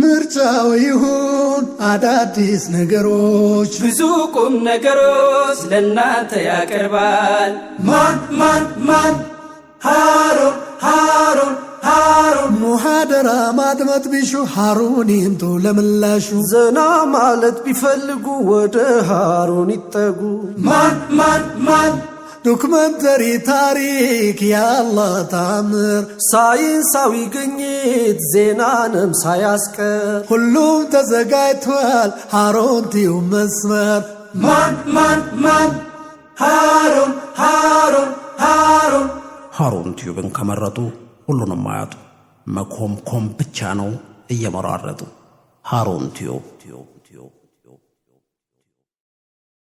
ምርጫው ይሁን አዳዲስ ነገሮች ብዙ ቁም ነገሮች ለእናንተ ያቀርባል። ማን ማን ማን ሃሩን ሃሩን ሃሩን ሙሃደራ ማድመጥ ቢሹ ሃሩን ይምጡ ለምላሹ። ዘና ማለት ቢፈልጉ ወደ ሃሩን ይጠጉ። ማን ማን ማን ዶክመንተሪ ታሪክ ያላ ታምር ሳይንሳዊ ግኝት ዜናንም ሳያስቀር ሁሉም ተዘጋጅቷል። ሀሮን ቲዩብ መስመር ማን ማን ማን ሀሮን ሀሮን ሀሮን ሀሮን ቲዩብን ከመረጡ ሁሉንም አያጡ። መኮምኮም ብቻ ነው እየመራረጡ ሀሮን ቲዩብ